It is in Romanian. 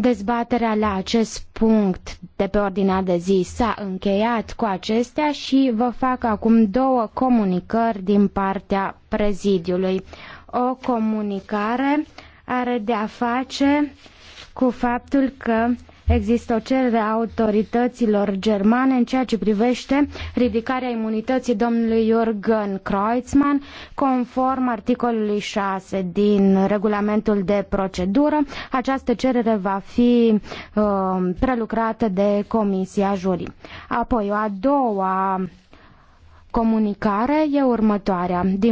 Dezbaterea la acest punct de pe ordinea de zi s-a încheiat cu acestea și vă fac acum două comunicări din partea prezidiului. O comunicare are de a face cu faptul că Există o cerere a autorităților germane în ceea ce privește ridicarea imunității domnului Jürgen Kreutzmann, conform articolului 6 din regulamentul de procedură. Această cerere va fi uh, prelucrată de Comisia Juri. Apoi, o a doua comunicare e următoarea. Din